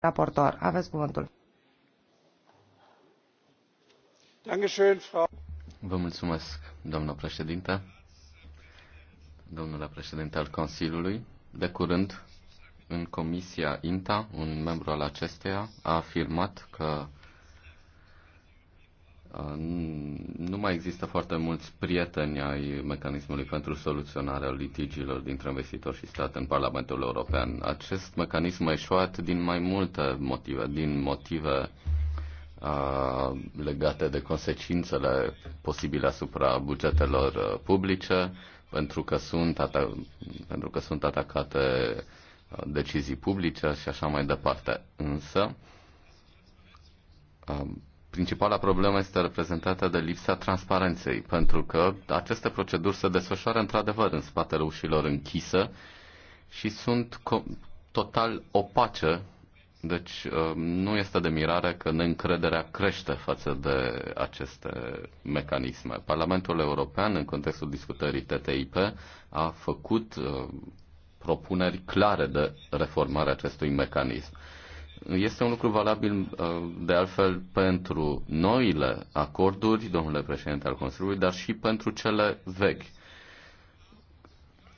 raportor. Aveți cuvântul. Vă mulțumesc, doamnă președinte, domnule președinte al Consiliului. De curând, în Comisia INTA, un membru al acesteia a afirmat că Uh, nu mai există foarte mulți prieteni ai mecanismului pentru soluționarea litigiilor dintre investitori și stat în Parlamentul European. Acest mecanism a eșuat din mai multe motive, din motive a, uh, legate de consecințele posibile asupra bugetelor uh, publice, pentru că sunt, ata- pentru că sunt atacate decizii publice și așa mai departe. Însă, Principala problemă este reprezentată de lipsa transparenței, pentru că aceste proceduri se desfășoară într-adevăr în spatele ușilor închise și sunt total opace, deci uh, nu este de mirare că neîncrederea crește față de aceste mecanisme. Parlamentul European, în contextul discutării TTIP, a făcut uh, propuneri clare de reformare acestui mecanism. Este un lucru valabil uh, de altfel pentru noile acorduri, domnule președinte al Consiliului, dar și pentru cele vechi.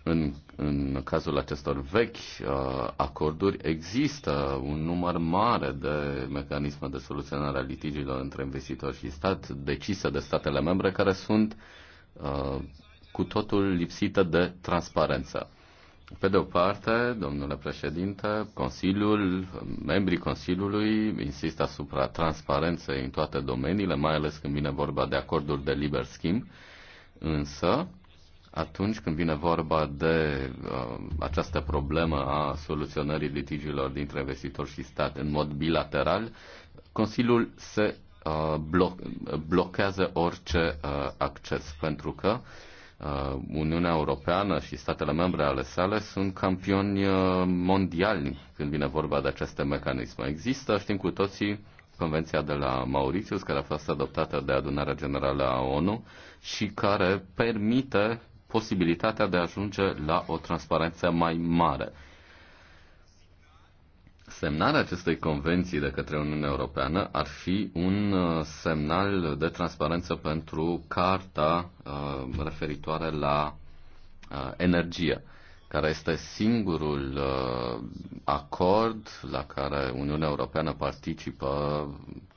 În, în cazul acestor vechi uh, acorduri există un număr mare de mecanisme de soluționare a litigiilor între investitori și stat decise de statele membre care sunt uh, cu totul lipsite de transparență. Pe de o parte, domnule președinte, Consiliul, membrii Consiliului insistă asupra transparenței în toate domeniile, mai ales când vine vorba de acorduri de liber schimb, însă atunci când vine vorba de uh, această problemă a soluționării litigiilor dintre investitori și stat în mod bilateral, Consiliul se uh, blo- blochează orice uh, acces pentru că uh, Uh, Uniunea Europeană și statele membre ale sale sunt campioni uh, mondiali când vine vorba de aceste mecanisme. Există, știm cu toții, Convenția de la Mauritius, care a fost adoptată de Adunarea Generală a ONU și care permite posibilitatea de a ajunge la o transparență mai mare semnarea acestei convenții de către Uniunea Europeană ar fi un uh, semnal de transparență pentru carta uh, referitoare la uh, energie, care este singurul acord la care Uniunea Europeană participă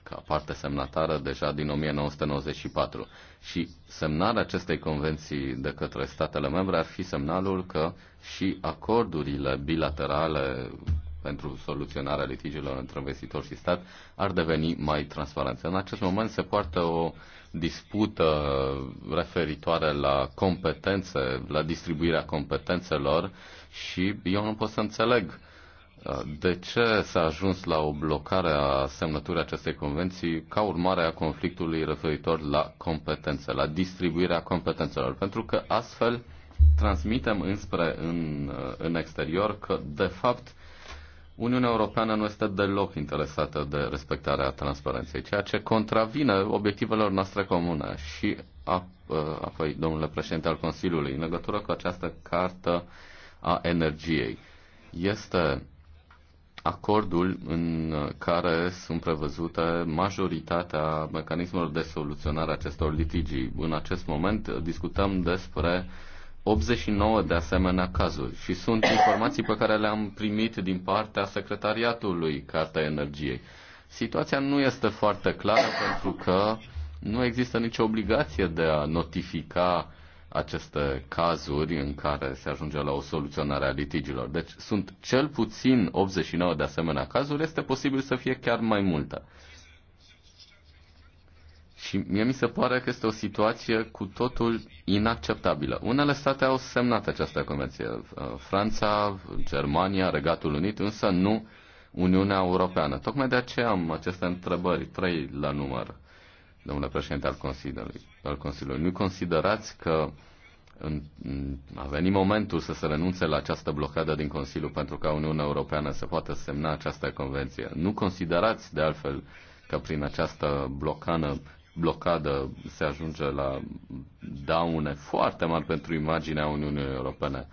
ca parte semnatară deja din 1994. Și semnarea acestei convenții de către statele membre ar fi semnalul că și acordurile bilaterale pentru soluționarea litigiilor între investitor și stat ar deveni mai transparentă. În acest moment se poartă o dispută referitoare la competențe, la distribuirea competențelor și eu nu pot să înțeleg uh, de ce s-a ajuns la o blocare a semnăturii acestei convenții ca urmare a conflictului referitor la competențe, la distribuirea competențelor? Pentru că astfel transmitem înspre în, uh, în exterior că, de fapt, Uniunea Europeană nu este deloc interesată de respectarea transparenței, ceea ce contravine obiectivelor noastre comune. Și apoi, domnule președinte al Consiliului, în legătură cu această cartă a energiei, este acordul în care sunt prevăzute majoritatea mecanismelor de soluționare a acestor litigii. În acest moment discutăm despre uh, 89 de asemenea cazuri și sunt informații pe care le-am primit din partea secretariatului Carta Energiei. Situația nu este foarte clară pentru că nu există nicio obligație de a notifica aceste cazuri în care se ajunge la o soluționare a litigilor. Deci sunt cel puțin 89 de asemenea cazuri, este posibil să fie chiar mai multe. Și mie mi se pare că este o situație cu totul inacceptabilă. Unele state au semnat această convenție. Uh, Franța, Germania, Regatul Unit, însă nu Uniunea Europeană. Tocmai de aceea am aceste întrebări, trei la număr, domnule președinte al Consiliului. Al Consiliului. Nu considerați că a venit momentul să se renunțe la această blocadă din Consiliu pentru ca Uniunea Europeană să poată semna această convenție. Nu considerați, de altfel, că prin această blocană blocadă se ajunge la daune foarte mari pentru imaginea Uniunii Europene.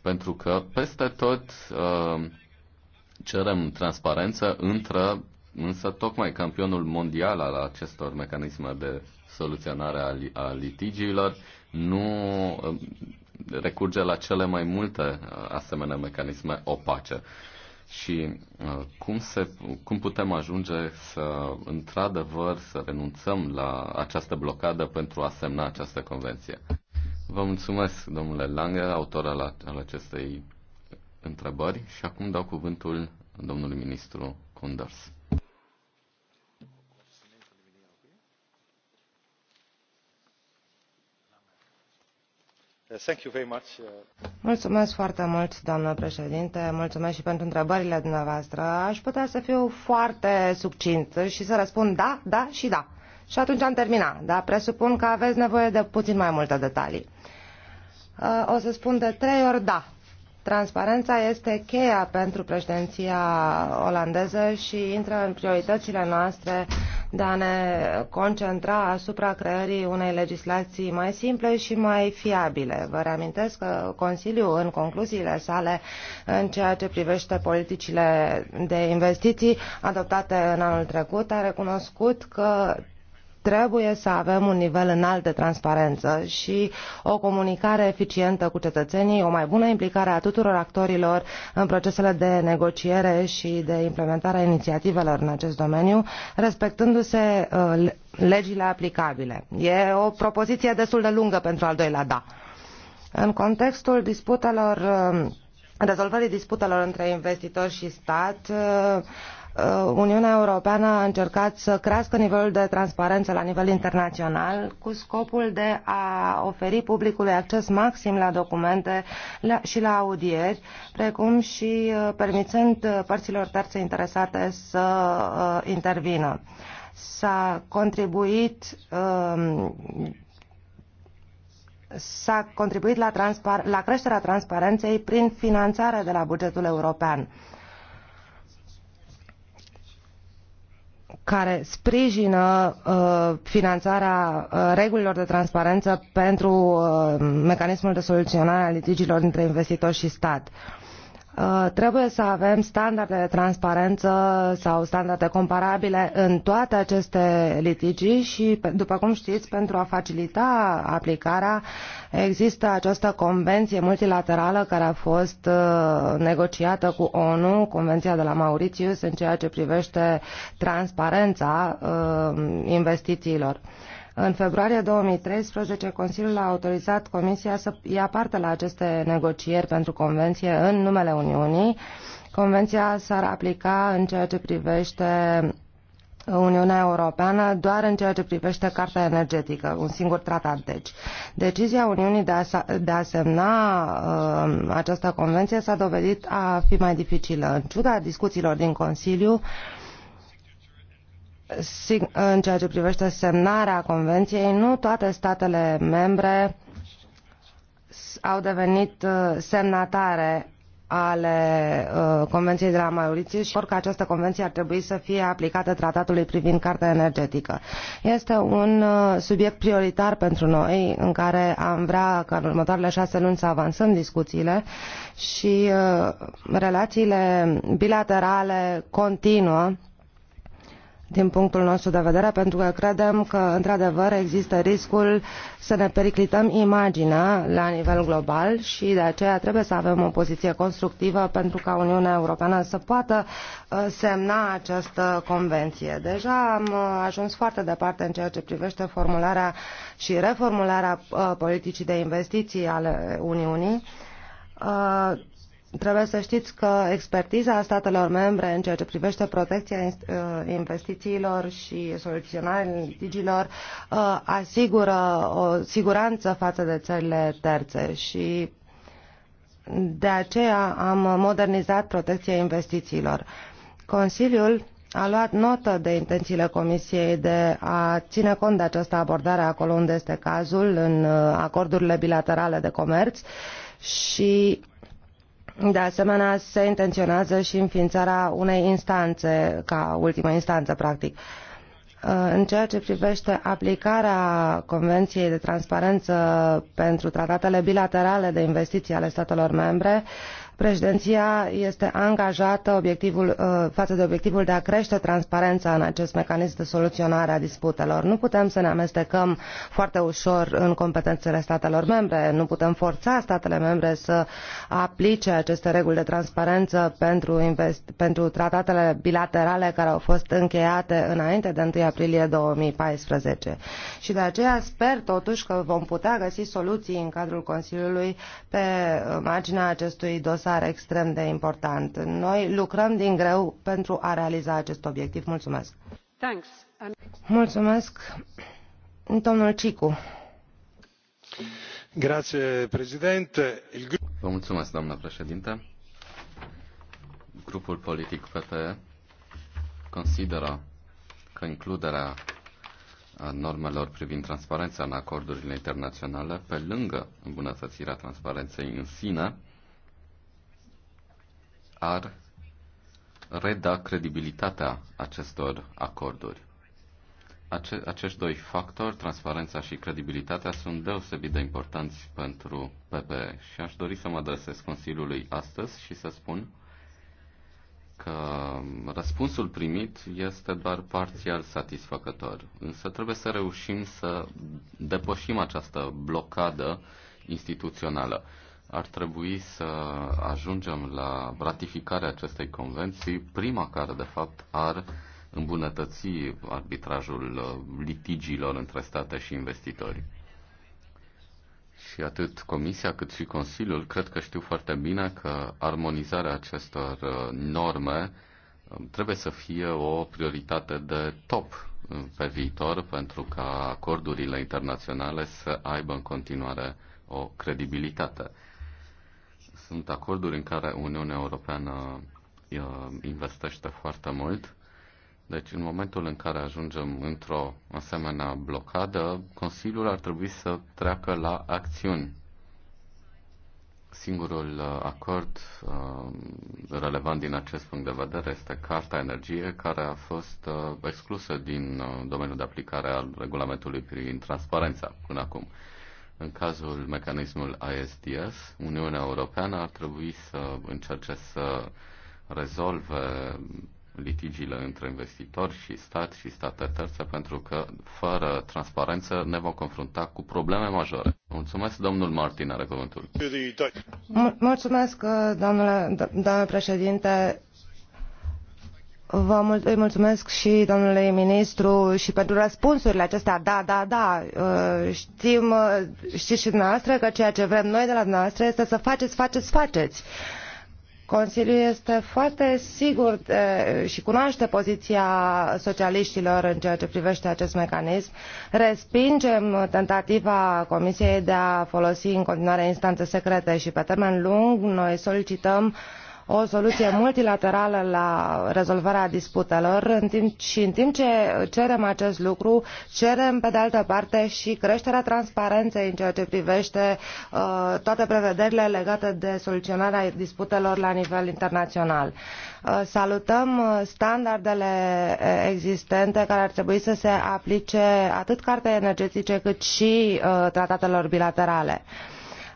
Pentru că peste tot uh, cerem transparență, între, însă tocmai campionul mondial al acestor mecanisme de soluționare a, li, a litigiilor nu uh, recurge la cele mai multe uh, asemenea mecanisme opace. Uh, și uh, cum, se, cum putem ajunge să, într-adevăr, să renunțăm la această blocadă pentru a semna această convenție. Vă mulțumesc, domnule Lange, autor al, al acestei întrebări și acum dau cuvântul domnului ministru Kunders. Uh, Mulțumesc foarte mult, doamnă președinte. Mulțumesc și pentru întrebările dumneavoastră. Aș putea să fiu foarte succint și să răspund da, da și da. Și atunci am terminat, dar presupun că aveți nevoie de puțin mai multe detalii. Uh, o să spun de trei ori da. Transparența este cheia pentru președinția olandeză și intră în prioritățile noastre de a ne concentra asupra creării unei legislații mai simple și mai fiabile. Vă reamintesc că Consiliul, în concluziile sale în ceea ce privește politicile de investiții adoptate în anul trecut, a recunoscut că trebuie să avem un nivel înalt de transparență și o comunicare eficientă cu cetățenii, o mai bună implicare a tuturor actorilor în procesele de negociere și de implementare a inițiativelor în acest domeniu, respectându-se uh, legile aplicabile. E o propoziție destul de lungă pentru al doilea da. În contextul disputelor uh, rezolvării disputelor între investitori și stat uh, Uh, Uniunea Europeană a încercat să crească nivelul de transparență la nivel internațional cu scopul de a oferi publicului acces maxim la documente și la audieri, precum și uh, permițând uh, părților terțe interesate să intervină. S-a contribuit um, s-a contribuit la, la creșterea transparenței prin finanțare de la bugetul european. Uh, care sprijină uh, finanțarea uh, regulilor de transparență pentru uh, mecanismul de soluționare a litigiilor între investitori și stat. Uh, Uh, trebuie să avem standarde de transparență sau standarde comparabile în toate aceste litigii și, după cum știți, pentru a facilita aplicarea există această convenție multilaterală care a fost uh, negociată cu ONU, Convenția de la Mauritius, în ceea ce privește transparența uh, investițiilor. În februarie 2013, Consiliul a autorizat Comisia să ia parte la aceste negocieri pentru convenție în numele Uniunii. Convenția s-ar aplica în ceea ce privește Uniunea Europeană doar în ceea ce privește Carta Energetică, un singur tratat deci. Decizia Uniunii de a, de a semna uh, această convenție s-a dovedit a fi mai dificilă. În ciuda discuțiilor din Consiliu, uh, în ceea ce privește semnarea convenției, nu toate statele membre au devenit uh, semnatare ale uh, Convenției de la Mauritius și că această convenție ar trebui să fie aplicată tratatului privind cartea energetică. Este un uh, subiect prioritar pentru noi în care am vrea ca în următoarele șase luni să avansăm discuțiile și relațiile bilaterale continuă din punctul nostru de vedere, pentru că credem că, într-adevăr, există riscul să ne periclităm imaginea la nivel global și de aceea trebuie să avem o poziție constructivă pentru ca Uniunea Europeană să poată uh, semna această convenție. Deja am uh, ajuns foarte departe în ceea ce privește formularea și reformularea uh, politicii de investiții ale Uniunii Trebuie să știți că expertiza statelor membre în ceea ce privește protecția uh, investițiilor și soluționarea litigilor uh, asigură o siguranță față de țările terțe și de aceea am modernizat protecția investițiilor. Consiliul a luat notă de intențiile Comisiei de a ține cont de această abordare acolo unde este cazul, în uh, acordurile bilaterale de comerț și de asemenea, se intenționează și înființarea unei instanțe, ca ultimă instanță, practic. Uh, în ceea ce privește aplicarea Convenției de Transparență pentru tratatele bilaterale de investiții ale statelor membre, Președinția este angajată obiectivul, uh, față de obiectivul de a crește transparența în acest mecanism de soluționare a disputelor. Nu putem să ne amestecăm foarte ușor în competențele statelor membre, nu putem forța statele membre să aplice aceste reguli de transparență pentru, invest, pentru tratatele bilaterale care au fost încheiate înainte de 1 aprilie 2014. Și de aceea sper totuși că vom putea găsi soluții în cadrul Consiliului pe marginea acestui dosar dosar extrem de important. Noi lucrăm din greu pentru a realiza acest obiectiv. Mulțumesc! Thanks. Mulțumesc, domnul Cicu. Grazie, președinte. Vă mulțumesc, doamna președinte. Grupul politic PPE consideră că includerea normelor privind transparența în acordurile internaționale, pe lângă îmbunătățirea transparenței în sine, ar reda credibilitatea acestor acorduri. Ace- acești doi factori, transparența și credibilitatea, sunt deosebit de importanți pentru PPE și aș dori să mă adresez Consiliului astăzi și să spun că răspunsul primit este doar parțial satisfăcător, însă trebuie să reușim să depășim această blocadă instituțională ar trebui să ajungem la ratificarea acestei convenții, prima care, de fapt, ar îmbunătăți arbitrajul uh, litigiilor între state și investitori. Și atât Comisia cât și Consiliul cred că știu foarte bine că armonizarea acestor uh, norme um, trebuie să fie o prioritate de top uh, pe viitor pentru ca acordurile internaționale să aibă în continuare o credibilitate sunt acorduri în care Uniunea Europeană investește foarte mult. Deci, în momentul în care ajungem într-o asemenea blocadă, Consiliul ar trebui să treacă la acțiuni. Singurul uh, acord uh, relevant din acest punct de vedere este Carta Energie, care a fost uh, exclusă din domeniul de aplicare al regulamentului privind transparența până acum. În cazul mecanismul ISDS, Uniunea Europeană ar trebui să încerce să rezolve litigiile între investitori și stat și state terțe, pentru că fără transparență ne vom confrunta cu probleme majore. Mulțumesc, domnul Martin, are cuvântul. Mulțumesc, domnule, domnule președinte. Vă mul- îi mulțumesc și domnului ministru și pentru răspunsurile acestea. Da, da, da, uh, știm, uh, știți și dumneavoastră că ceea ce vrem noi de la dumneavoastră este să faceți, faceți, faceți. Consiliul este foarte sigur de, uh, și cunoaște poziția socialiștilor în ceea ce privește acest mecanism. Respingem tentativa Comisiei de a folosi în continuare instanțe secrete și pe termen lung noi solicităm uh, o soluție multilaterală la rezolvarea disputelor în timp, și în timp ce cerem acest lucru, cerem pe de altă parte și creșterea transparenței în ceea ce privește uh, toate prevederile legate de soluționarea disputelor la nivel internațional. Uh, salutăm uh, standardele existente care ar trebui să se aplice atât cartei energetice cât și tratatelor bilaterale.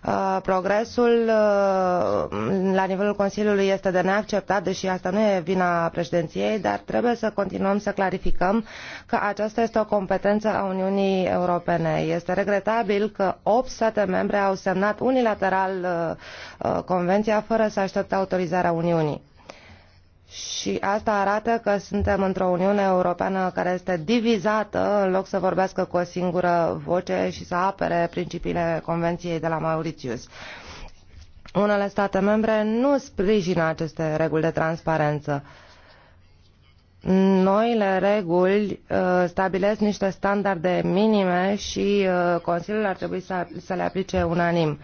Uh, progresul uh, la nivelul Consiliului este de neacceptat, deși asta nu e vina președinției, dar trebuie să continuăm să clarificăm că aceasta este o competență a Uniunii Europene. Este regretabil că opt state membre au semnat unilateral uh, convenția fără să aștepte autorizarea Uniunii. Și asta arată că suntem într-o Uniune Europeană care este divizată în loc să vorbească cu o singură voce și să apere principiile Convenției de la Mauritius. Unele state membre nu sprijină aceste reguli de transparență. Noile reguli uh, stabilesc niște standarde minime și uh, Consiliul ar trebui să, să le aplice unanim. Uh,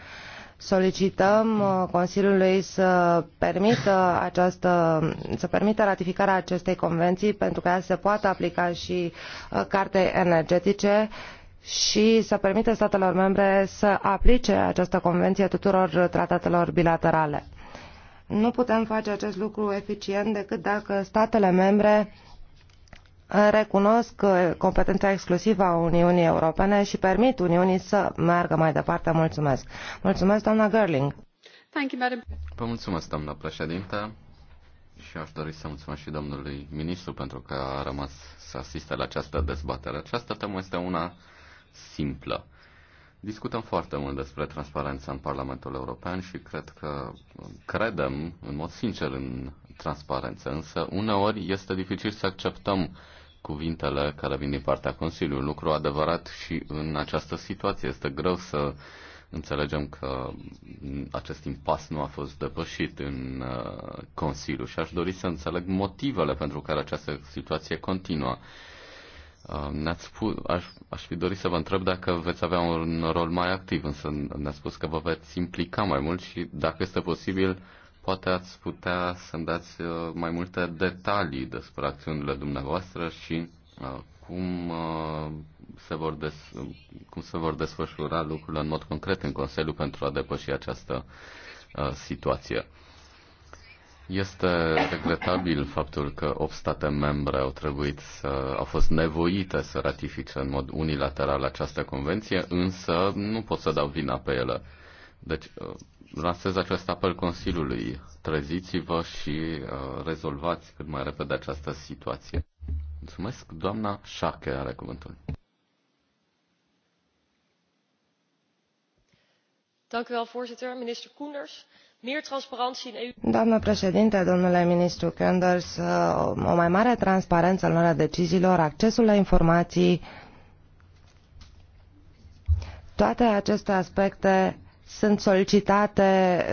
solicităm uh, Consiliului să permită, această, să permită ratificarea acestei convenții pentru că ea se poate aplica și uh, cartei energetice și să permită statelor membre să aplice această convenție tuturor tratatelor bilaterale. Nu putem face acest lucru eficient decât dacă statele membre recunosc uh, competența exclusivă a Uniunii Europene și permit Uniunii să meargă mai departe. Mulțumesc. Mulțumesc, doamna Gerling. Vă mulțumesc, doamna președintă. Și aș dori să mulțumesc și domnului ministru pentru că a rămas să asiste la această dezbatere. Această temă este una simplă. Discutăm foarte mult despre transparența în Parlamentul European și cred că credem în mod sincer în transparență, însă uneori este dificil să acceptăm cuvintele care vin din partea Consiliului. Lucru adevărat și în această situație. Este greu să înțelegem că acest impas nu a fost depășit în uh, Consiliu și aș dori să înțeleg motivele pentru care această situație continuă. Uh, ați spus, aș, aș fi dorit să vă întreb dacă veți avea un rol mai activ, însă ne-ați spus că vă veți implica mai mult și dacă este posibil Poate ați putea să-mi dați uh, mai multe detalii despre acțiunile dumneavoastră și uh, cum uh, se vor, des, cum se vor desfășura lucrurile în mod concret în Consiliu pentru a depăși această situație. Este regretabil faptul că 8 state membre au trebuit să au fost nevoite să ratifice în mod unilateral această convenție, însă nu pot să dau vina pe ele. Deci lansez acest apel Consiliului. Treziți-vă și uh, rezolvați cât mai repede această situație. Mulțumesc. Doamna Șache are cuvântul. doamnă președinte, domnule ministru Kenders, uh, o mai mare transparență în luarea deciziilor accesul la informații toate aceste aspecte sunt solicitate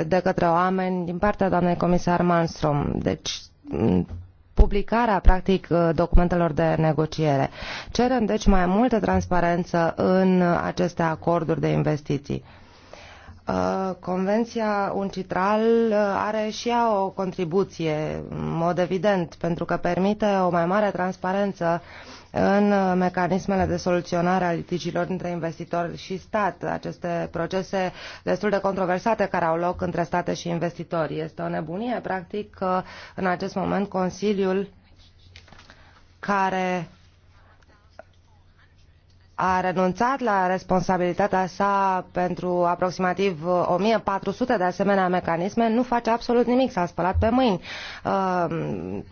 de către oameni din partea doamnei comisar Malmström. Deci, publicarea, practic, uh, documentelor de negociere. Cerem, deci, mai multă transparență în aceste acorduri de investiții. Uh, Convenția Uncitral uh, are și ea o contribuție, în mod evident, pentru că permite o mai mare transparență în mecanismele de soluționare a litigiilor între investitori și stat, aceste procese destul de controversate care au loc între state și investitori. Este o nebunie, practic, că în acest moment Consiliul care a renunțat la responsabilitatea sa pentru aproximativ 1400 uh, de asemenea mecanisme, nu face absolut nimic, s-a spălat pe mâini. Uh,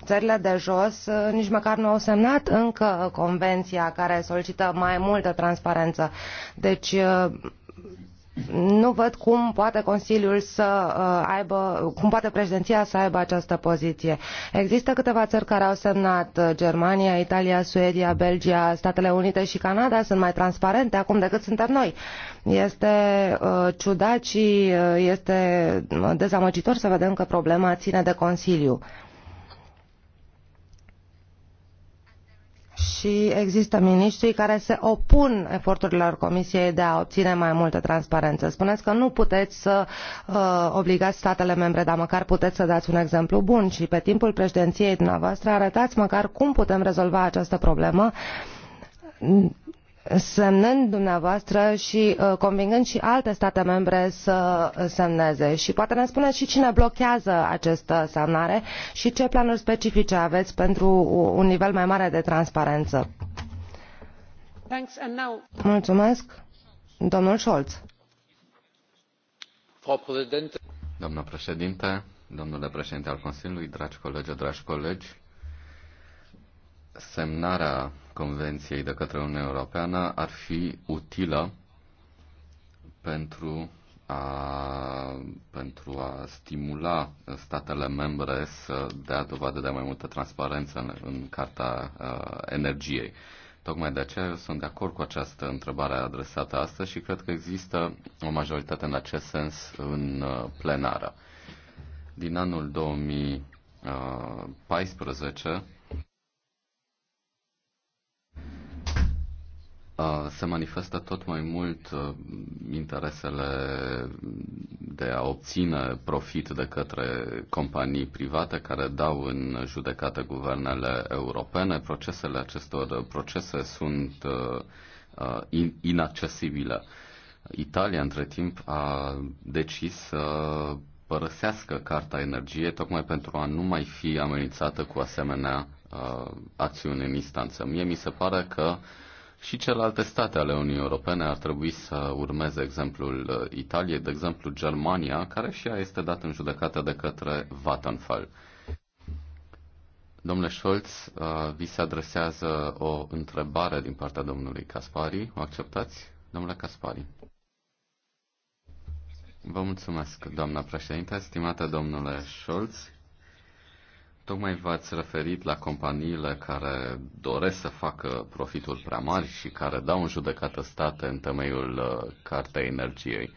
țările de jos uh, nici măcar nu au semnat încă convenția care solicită mai multă transparență. Deci nu văd cum poate Consiliul să uh, aibă, cum poate președinția să aibă această poziție. Există câteva țări care au semnat, uh, Germania, Italia, Suedia, Belgia, Statele Unite și Canada sunt mai transparente acum decât suntem noi. Este uh, ciudat și este dezamăgitor să vedem că problema ține de Consiliu. și există miniștri care se opun eforturilor Comisiei de a obține mai multă transparență. Spuneți că nu puteți să uh, obligați statele membre, dar măcar puteți să dați un exemplu bun și pe timpul președinției dumneavoastră arătați măcar cum putem rezolva această problemă semnând dumneavoastră și uh, convingând și alte state membre să semneze. Și poate ne spuneți și cine blochează această semnare și ce planuri specifice aveți pentru un nivel mai mare de transparență. Mulțumesc. Domnul Scholz. Doamnă președinte, domnule președinte al Consiliului, dragi colegi, dragi colegi, semnarea Convenției de către Uniunea Europeană ar fi utilă pentru a, pentru a stimula statele membre să dea dovadă de mai multă transparență în, în Carta uh, Energiei. Tocmai de aceea eu sunt de acord cu această întrebare adresată astăzi și cred că există o majoritate în acest sens în plenară. Din anul 2014 se manifestă tot mai mult interesele de a obține profit de către companii private care dau în judecată guvernele europene. Procesele acestor procese sunt inaccesibile. Italia, între timp, a decis să părăsească Carta Energiei tocmai pentru a nu mai fi amenințată cu asemenea acțiuni în instanță. Mie mi se pare că și celelalte state ale Uniunii Europene ar trebui să urmeze exemplul uh, Italiei, de exemplu Germania, care și ea este dată în judecată de către Vattenfall. Domnule Scholz, uh, vi se adresează o întrebare din partea domnului Caspari. O acceptați? Domnule Caspari. Vă mulțumesc, doamna președinte, stimate domnule Scholz. Tocmai v-ați referit la companiile care doresc să facă profituri prea mari și care dau în judecată state în temeiul uh, Cartei Energiei.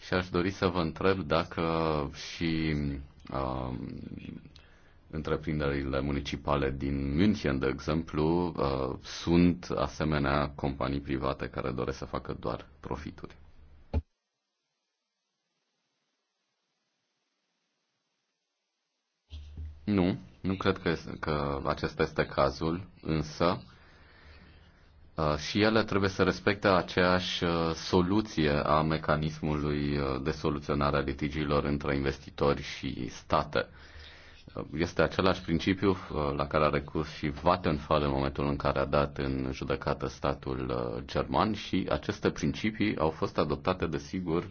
Și aș dori să vă întreb dacă și uh, întreprinderile municipale din München, de exemplu, uh, sunt asemenea companii private care doresc să facă doar profituri. Nu, nu cred că, că acesta este cazul, însă uh, și ele trebuie să respecte aceeași uh, soluție a mecanismului uh, de soluționare a litigiilor între investitori și state. Este același principiu la care a recurs și Vattenfall în momentul în care a dat în judecată statul german și aceste principii au fost adoptate, desigur,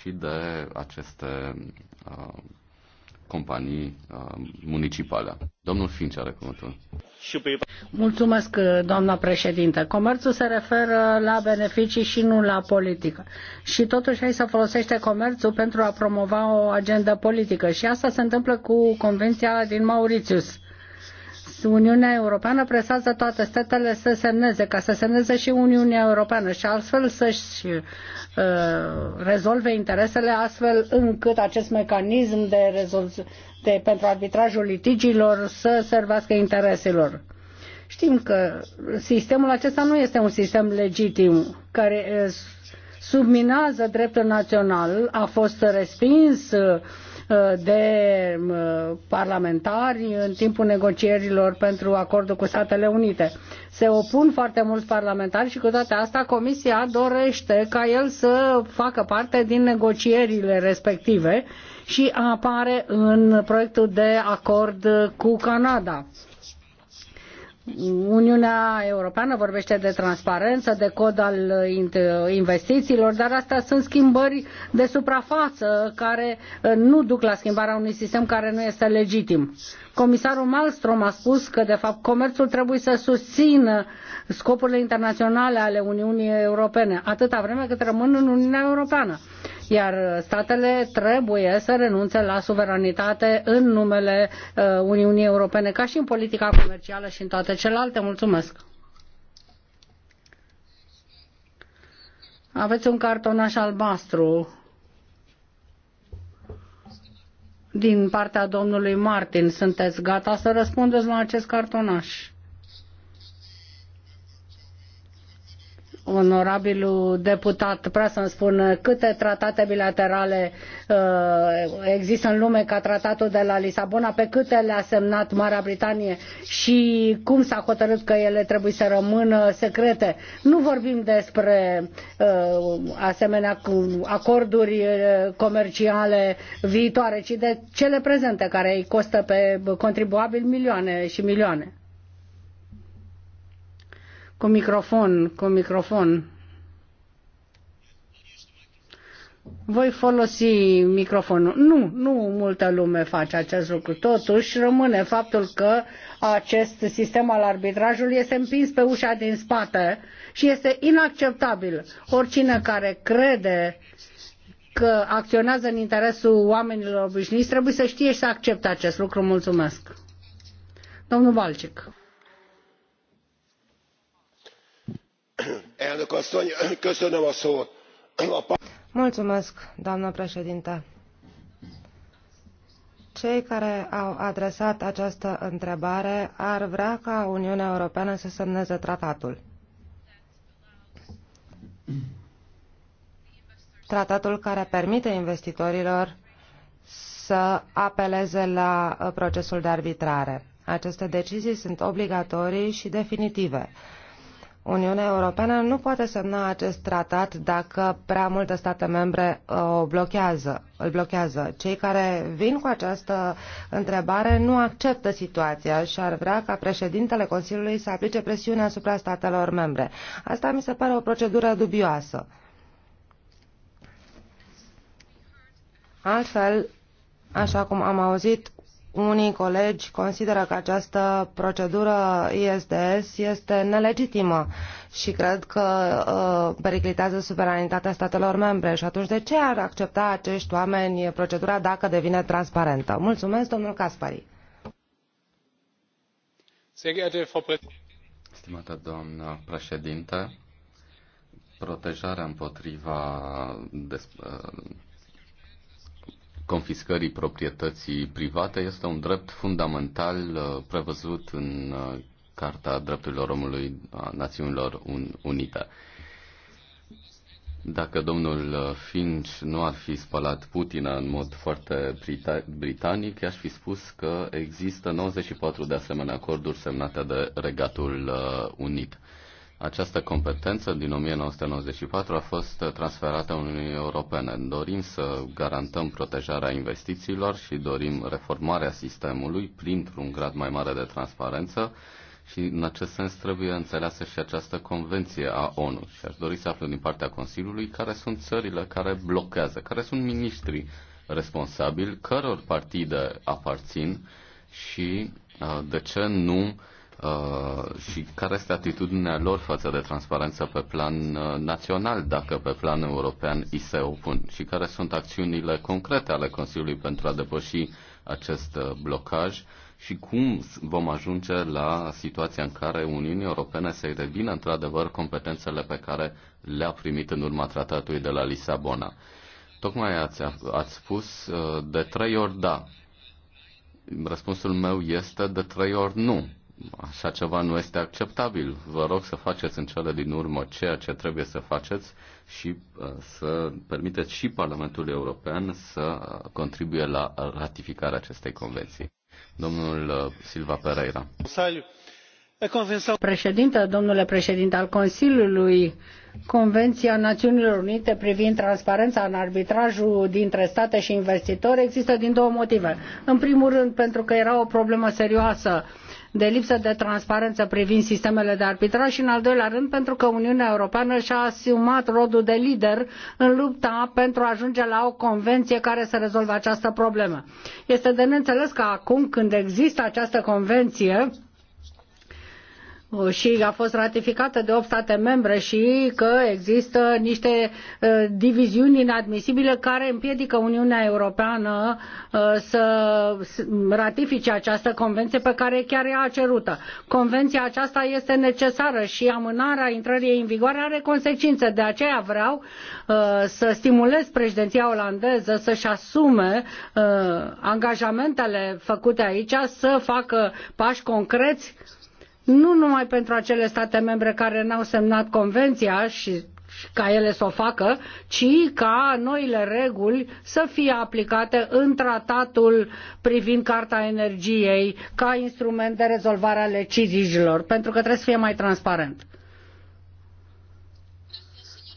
și de aceste companii uh, municipale. Domnul Finci are cuvântul. Mulțumesc, doamna președintă. Comerțul se referă la beneficii și nu la politică. Și totuși aici se folosește comerțul pentru a promova o agendă politică. Și asta se întâmplă cu Convenția din Mauritius Uniunea Europeană presează toate statele să semneze, ca să semneze și Uniunea Europeană și astfel să-și uh, rezolve interesele astfel încât acest mecanism de, de pentru arbitrajul litigiilor să servească intereselor. Știm că sistemul acesta nu este un sistem legitim care uh, subminează dreptul național, a fost respins uh, Uh, de uh, parlamentari în timpul negocierilor pentru acordul cu Statele Unite. Se opun foarte mulți parlamentari și cu toate asta Comisia dorește ca el să facă parte din negocierile respective și apare în proiectul de acord cu Canada. Uniunea Europeană vorbește de transparență, de cod al investițiilor, dar astea sunt schimbări de suprafață care uh, nu duc la schimbarea unui sistem care nu este legitim. Comisarul Malmström a spus că, de fapt, comerțul trebuie să susțină scopurile internaționale ale Uniunii Europene, atâta vreme cât rămân în Uniunea Europeană iar statele trebuie să renunțe la suveranitate în numele uh, Uniunii Europene, ca și în politica comercială și în toate celelalte. Mulțumesc! Aveți un cartonaș albastru din partea domnului Martin. Sunteți gata să răspundeți la acest cartonaș? onorabilul deputat prea să-mi spună câte tratate bilaterale uh, există în lume ca tratatul de la Lisabona, pe câte le-a semnat Marea Britanie și cum s-a hotărât că ele trebuie să rămână secrete. Nu vorbim despre uh, asemenea acorduri uh, comerciale viitoare, ci de cele prezente care îi costă pe contribuabil milioane și milioane. Cu microfon, cu microfon. Voi folosi microfonul. Nu, nu multă lume face acest lucru. Totuși rămâne faptul că acest sistem al arbitrajului este împins pe ușa din spate și este inacceptabil. Oricine care crede că acționează în interesul oamenilor obișnuiți trebuie să știe și să accepte acest lucru. Mulțumesc. Domnul Balcic. Mulțumesc, doamnă președinte. Cei care au adresat această întrebare ar vrea ca Uniunea Europeană să semneze tratatul. Tratatul care permite investitorilor să apeleze la uh, procesul de arbitrare. Aceste decizii sunt obligatorii și definitive Uniunea Europeană nu poate semna acest tratat dacă prea multe state membre uh, o blochează, îl blochează. Cei care vin cu această întrebare nu acceptă situația și ar vrea ca președintele Consiliului să aplice presiune asupra statelor membre. Asta mi se pare o procedură dubioasă. Altfel, așa cum am auzit, unii colegi consideră că această procedură ISDS este nelegitimă și cred că uh, periclitează suveranitatea statelor membre și atunci de ce ar accepta acești oameni procedura dacă devine transparentă? Mulțumesc, domnul Caspari. Stimată doamnă președintă, protejarea împotriva uh, confiscării proprietății private este un drept fundamental uh, prevăzut în uh, Carta Drepturilor Omului a Națiunilor Unite. Dacă domnul uh, Finch nu ar fi spălat putin în mod foarte brita- britanic, i-aș fi spus că există 94 de asemenea acorduri semnate de Regatul Unit. Această competență din 1994 a fost transferată Uniunii Europene. Dorim să garantăm protejarea investițiilor și dorim reformarea sistemului printr-un grad mai mare de transparență și în acest sens trebuie înțeleasă și această convenție a ONU. Și aș dori să aflu din partea Consiliului care sunt țările care blochează, care sunt miniștrii responsabili, căror partide aparțin și uh, de ce nu Uh, și care este atitudinea lor față de transparență pe plan uh, național, dacă pe plan european îi se opun și care sunt acțiunile concrete ale Consiliului pentru a depăși acest uh, blocaj și cum vom ajunge la situația în care Uniunea Europene să-i revină într-adevăr competențele pe care le-a primit în urma tratatului de la Lisabona. Tocmai ați, ați spus de trei ori da. Răspunsul meu este de trei ori nu Așa ceva nu este acceptabil. Vă rog să faceți în cele din urmă ceea ce trebuie să faceți și uh, să permiteți și Parlamentului European să contribuie la ratificarea acestei convenții. Domnul uh, Silva Pereira. Președinte, domnule președinte al Consiliului, Convenția Națiunilor Unite privind transparența în arbitrajul dintre state și investitori există din două motive. În primul rând, pentru că era o problemă serioasă de lipsă de transparență privind sistemele de arbitraj și, în al doilea rând, pentru că Uniunea Europeană și-a asumat rodul de lider în lupta pentru a ajunge la o convenție care să rezolve această problemă. Este de neînțeles că acum, când există această convenție, Uh, și a fost ratificată de 8 state membre și că există niște uh, diviziuni inadmisibile care împiedică Uniunea Europeană uh, să ratifice această convenție pe care chiar ea a cerută. Convenția aceasta este necesară și amânarea intrării ei în vigoare are consecințe. De aceea vreau să stimulez președinția olandeză să-și asume angajamentele făcute aici, să facă pași concreți nu numai pentru acele state membre care n-au semnat convenția și ca ele să o facă, ci ca noile reguli să fie aplicate în tratatul privind Carta Energiei ca instrument de rezolvare ale litigiilor, pentru că trebuie să fie mai transparent.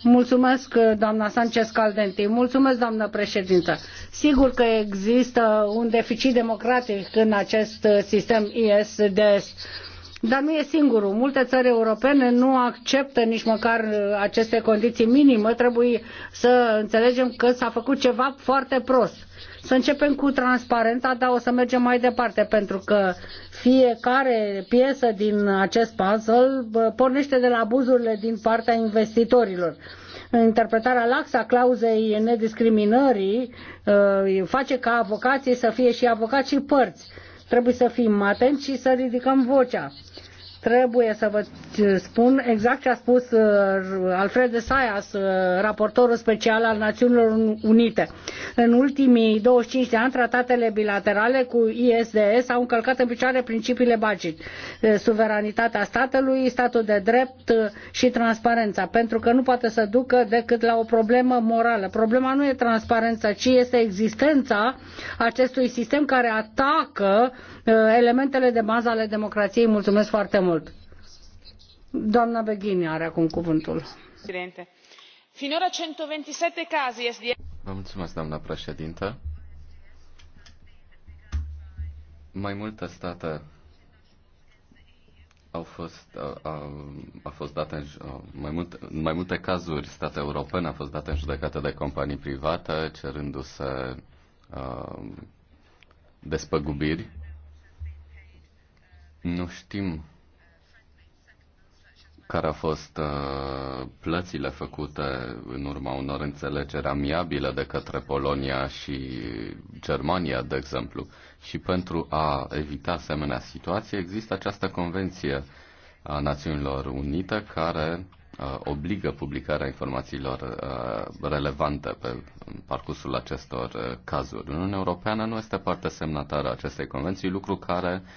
Mulțumesc, doamna Sanchez Caldenti. Mulțumesc, doamnă președintă. Sigur că există un deficit democratic în acest sistem ISDS dar nu e singurul. Multe țări europene nu acceptă nici măcar uh, aceste condiții minime. Trebuie să înțelegem că s-a făcut ceva foarte prost. Să începem cu transparența, dar o să mergem mai departe, pentru că fiecare piesă din acest puzzle uh, pornește de la abuzurile din partea investitorilor interpretarea laxă a clauzei nediscriminării uh, face ca avocații să fie și avocați și părți. Trebuie să fim atenți și să ridicăm vocea trebuie să vă spun exact ce a spus uh, Alfred de Saias, uh, raportorul special al Națiunilor Unite. În ultimii 25 de ani, tratatele bilaterale cu ISDS au încălcat în picioare principiile BACIT, uh, suveranitatea statului, statul de drept și transparența, pentru că nu poate să ducă decât la o problemă morală. Problema nu e transparența, ci este existența acestui sistem care atacă Uh, elementele de bază ale democrației. Mulțumesc foarte mult! Doamna Beghini are acum cuvântul. Finora 127 cazuri SD... Vă mulțumesc, doamna președintă. Mai multe state au fost, a, a fost date în, mai, mult, mai multe cazuri state europene au fost date în judecată de companii private cerându-se despăgubiri nu știm care au fost uh, plățile făcute în urma unor înțelegeri amiabile de către Polonia și Germania, de exemplu. Și pentru a evita asemenea situație, există această convenție a Națiunilor Unite care uh, obligă publicarea informațiilor uh, relevante pe parcursul acestor uh, cazuri. Uniunea Europeană nu este parte semnatară a acestei convenții, lucru care uh,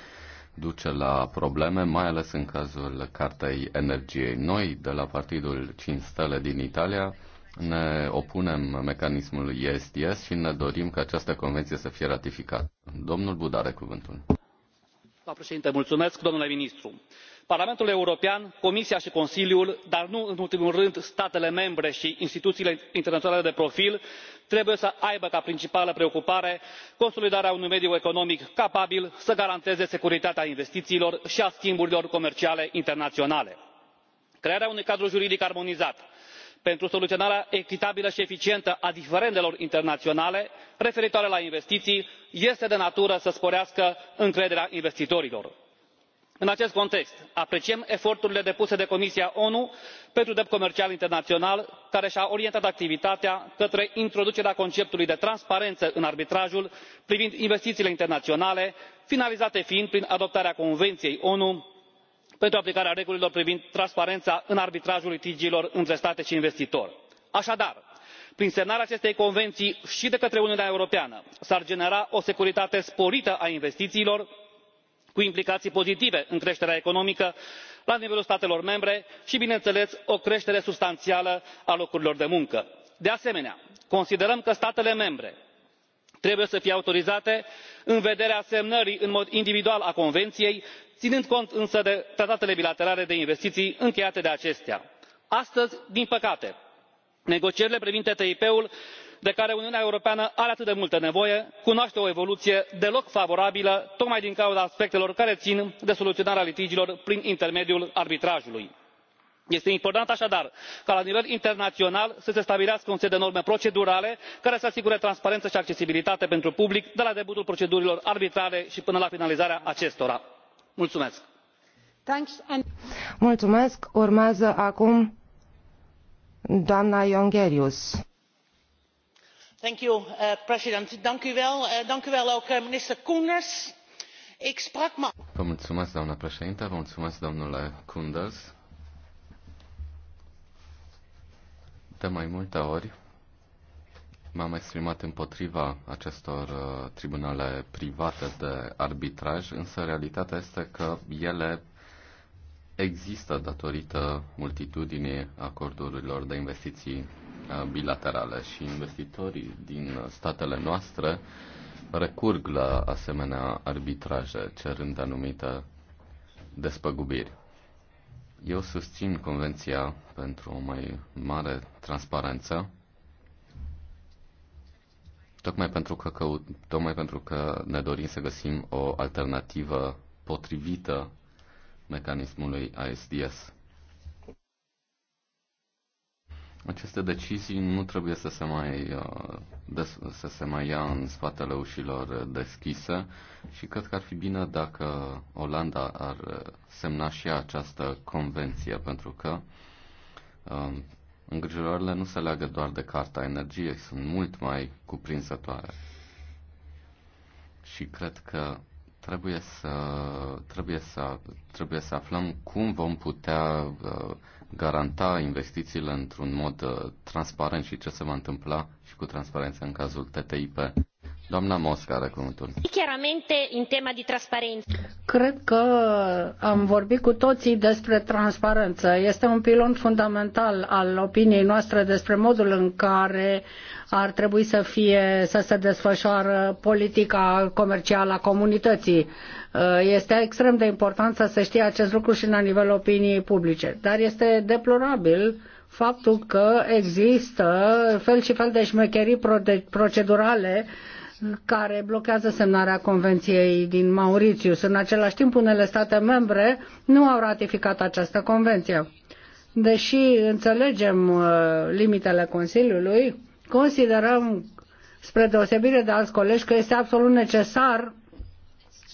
duce la probleme, mai ales în cazul cartei energiei. Noi, de la Partidul 5 Stele din Italia, ne opunem mecanismului ISDS și ne dorim ca această convenție să fie ratificată. Domnul Budare, cuvântul. Doamna președinte, mulțumesc, domnule ministru parlamentul european comisia și consiliul dar nu în ultimul rând statele membre și instituțiile internaționale de profil trebuie să aibă ca principală preocupare consolidarea unui mediu economic capabil să garanteze securitatea investițiilor și a schimburilor comerciale internaționale. crearea unui cadru juridic armonizat pentru soluționarea echitabilă și eficientă a diferendelor internaționale referitoare la investiții este de natură să sporească încrederea investitorilor în acest context apreciem eforturile depuse de comisia onu pentru drept comercial internațional care și a orientat activitatea către introducerea conceptului de transparență în arbitrajul privind investițiile internaționale finalizate fiind prin adoptarea convenției onu pentru aplicarea regulilor privind transparența în arbitrajul litigiilor între state și investitori. așadar prin semnarea acestei convenții și de către uniunea europeană s ar genera o securitate sporită a investițiilor cu implicații pozitive în creșterea economică la nivelul statelor membre și bineînțeles o creștere substanțială a locurilor de muncă. de asemenea considerăm că statele membre trebuie să fie autorizate în vederea semnării în mod individual a convenției ținând cont însă de tratatele bilaterale de investiții încheiate de acestea. astăzi din păcate negocierile privind ttip ul de care uniunea europeană are atât de multă nevoie cunoaște o evoluție deloc favorabilă tocmai din cauza aspectelor care țin de soluționarea litigiilor prin intermediul arbitrajului. este important așadar ca la nivel internațional să se stabilească un set de norme procedurale care să asigure transparență și accesibilitate pentru public de la debutul procedurilor arbitrale și până la finalizarea acestora. mulțumesc. mulțumesc. urmează acum doamna jongerius Vă mulțumesc, doamna președinte, vă mulțumesc, domnule Kunders. De mai multe ori m-am exprimat împotriva acestor uh, tribunale private de arbitraj, însă realitatea este că ele există datorită multitudinii acordurilor de investiții Uh, bilaterale și investitorii din statele noastre recurg la asemenea arbitraje, cerând anumite despăgubiri. Eu susțin Convenția pentru o mai mare transparență, tocmai pentru că, că, tocmai pentru că ne dorim să găsim o alternativă potrivită mecanismului ISDS. Aceste decizii nu trebuie să se mai, uh, să se mai ia în spatele ușilor deschise și cred că ar fi bine dacă Olanda ar semna și această convenție, pentru că um, îngrijorările nu se leagă doar de Carta Energiei, sunt mult mai cuprinzătoare. Și cred că trebuie să, trebuie să, trebuie să aflăm cum vom putea uh, garanta investițiile într-un mod uh, transparent și ce se va întâmpla și cu transparență în cazul TTIP. Doamna Mosca are cuvântul. Chiaramente, în tema de transparență. Cred că am vorbit cu toții despre transparență. Este un pilon fundamental al opiniei noastre despre modul în care ar trebui să fie, să se desfășoară politica comercială a comunității. Uh, este extrem de important să se știe acest lucru și la nivelul opiniei publice. Dar este deplorabil faptul că există fel și fel de șmecherii procedurale uh, care blochează semnarea convenției din Mauritius. În același timp, unele state membre nu au ratificat această convenție. Deși înțelegem uh, limitele Consiliului, considerăm, spre deosebire de alți colegi, că este absolut necesar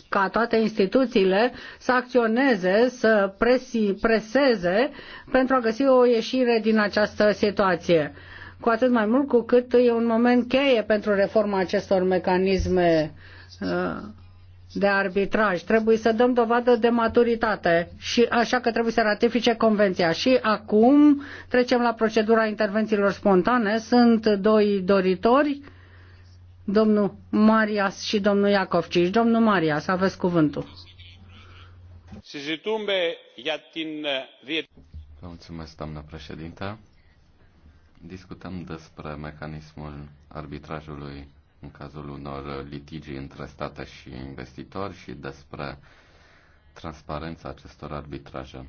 ca toate instituțiile să acționeze, să presi, preseze pentru a găsi o ieșire din această situație cu atât mai mult cu cât e un moment cheie pentru reforma acestor mecanisme uh, de arbitraj. Trebuie să dăm dovadă de maturitate și așa că trebuie să ratifice convenția. Și acum trecem la procedura intervențiilor spontane. Sunt doi doritori, domnul Marias și domnul Iacovci. Domnul Marias, aveți cuvântul. Uh, mulțumesc, doamnă președintă. Discutăm despre mecanismul arbitrajului în cazul unor litigi între state și investitori și despre transparența acestor arbitraje.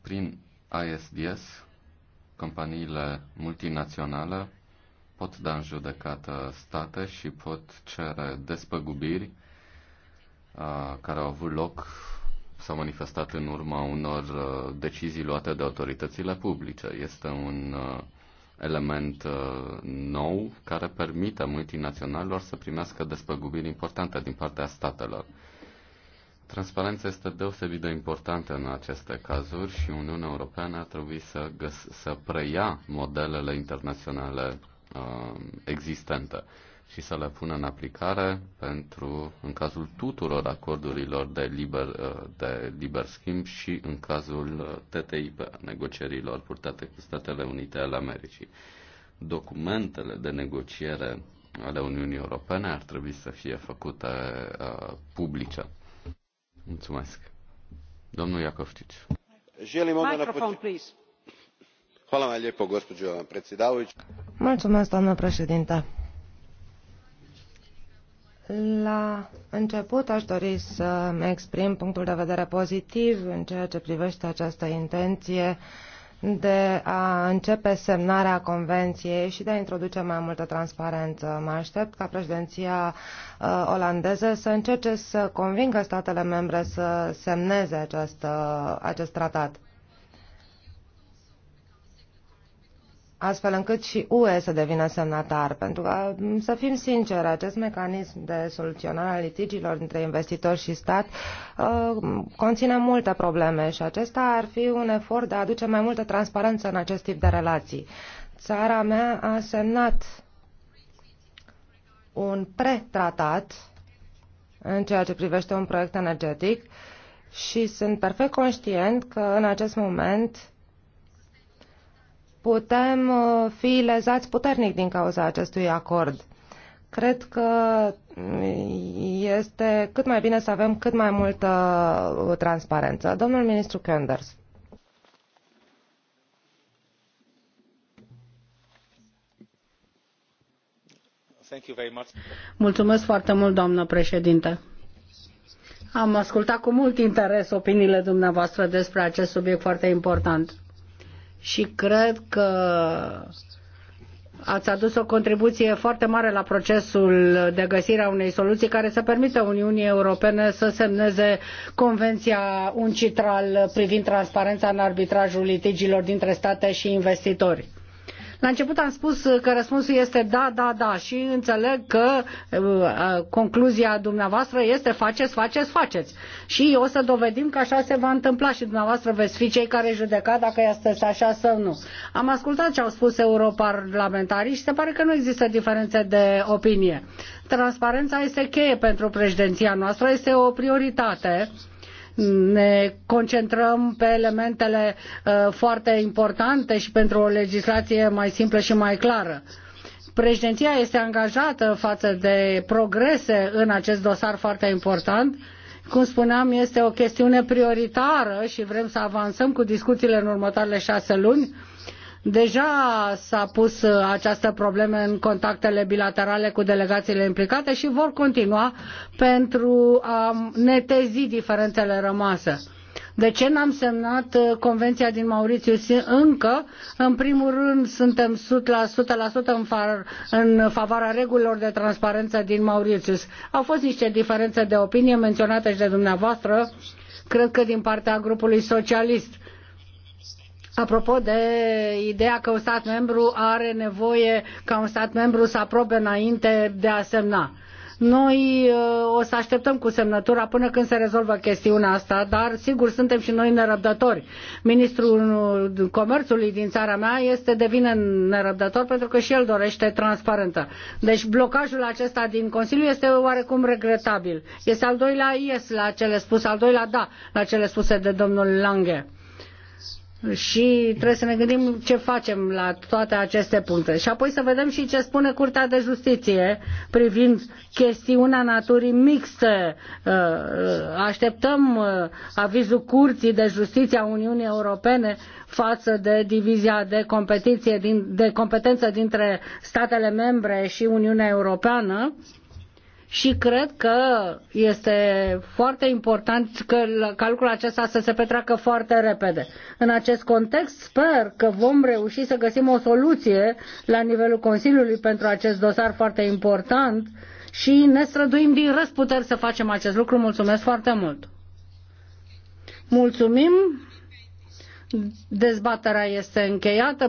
Prin ISDS, companiile multinaționale pot da în judecată state și pot cere despăgubiri uh, care au avut loc s a manifestat în urma unor uh, decizii luate de autoritățile publice. Este un uh, element uh, nou care permite multinaționalilor să primească despăgubiri importante din partea statelor. Transparența este deosebit de importantă în aceste cazuri și Uniunea Europeană a trebuit să, găs- să preia modelele internaționale uh, existente și să le pună în aplicare pentru, în cazul tuturor acordurilor de liber, uh, de liber schimb și în cazul uh, TTIP, negocierilor purtate cu Statele Unite ale Americii. Documentele de negociere ale Uniunii Europene ar trebui să fie făcute uh, publice. Mulțumesc. Domnul Iacovcic. please. Mulțumesc, doamnă președinte la început aș dori să exprim punctul de vedere pozitiv în ceea ce privește această intenție de a începe semnarea convenției și de a introduce mai multă transparență. Mă aștept ca președinția uh, olandeză să încerce să convingă statele membre să semneze această, acest tratat. astfel încât și UE să devină semnatar. Pentru că, să fim sinceri, acest mecanism de soluționare a litigiilor între investitori și stat uh, conține multe probleme și acesta ar fi un efort de a aduce mai multă transparență în acest tip de relații. Țara mea a semnat un pretratat în ceea ce privește un proiect energetic și sunt perfect conștient că în acest moment putem uh, fi lezați puternic din cauza acestui acord. Cred că este cât mai bine să avem cât mai multă uh, transparență. Domnul ministru Kenders. Mulțumesc foarte mult, doamnă președinte. Am ascultat cu mult interes opiniile dumneavoastră despre acest subiect foarte important și cred că ați adus o contribuție foarte mare la procesul de găsire a unei soluții care să permită Uniunii Europene să semneze Convenția Uncitral privind transparența în arbitrajul litigiilor dintre state și investitori. La început am spus că răspunsul este da, da, da și înțeleg că uh, uh, concluzia dumneavoastră este faceți, faceți, faceți. Și o să dovedim că așa se va întâmpla și dumneavoastră veți fi cei care judeca dacă este așa sau nu. Am ascultat ce au spus europarlamentarii și se pare că nu există diferențe de opinie. Transparența este cheie pentru președinția noastră, este o prioritate ne concentrăm pe elementele uh, foarte importante și pentru o legislație mai simplă și mai clară. Președinția este angajată față de progrese în acest dosar foarte important. Cum spuneam, este o chestiune prioritară și vrem să avansăm cu discuțiile în următoarele șase luni Deja s-a pus uh, această problemă în contactele bilaterale cu delegațiile implicate și vor continua pentru a netezi diferențele rămase. De ce n-am semnat uh, convenția din Mauritius încă? În primul rând, suntem 100%, în, far, în favoarea regulilor de transparență din Mauritius. Au fost niște diferențe de opinie menționate și de dumneavoastră, cred că din partea grupului socialist. Apropo de ideea că un stat membru are nevoie ca un stat membru să aprobe înainte de a semna. Noi uh, o să așteptăm cu semnătura până când se rezolvă chestiunea asta, dar sigur suntem și noi nerăbdători. Ministrul uh, Comerțului din țara mea este devine nerăbdător pentru că și el dorește transparentă. Deci blocajul acesta din Consiliu este oarecum regretabil. Este al doilea yes la cele spuse, al doilea da la cele spuse de domnul Lange și trebuie să ne gândim ce facem la toate aceste puncte. Și apoi să vedem și ce spune Curtea de Justiție privind chestiunea naturii mixte. Uh, uh, așteptăm uh, avizul Curții de Justiție a Uniunii Europene față de divizia de, competiție, de competență dintre statele membre și Uniunea Europeană și cred că este foarte important că calculul acesta să se petreacă foarte repede. În acest context sper că vom reuși să găsim o soluție la nivelul Consiliului pentru acest dosar foarte important și ne străduim din răsputeri să facem acest lucru. Mulțumesc foarte mult! Mulțumim! Dezbaterea este încheiată.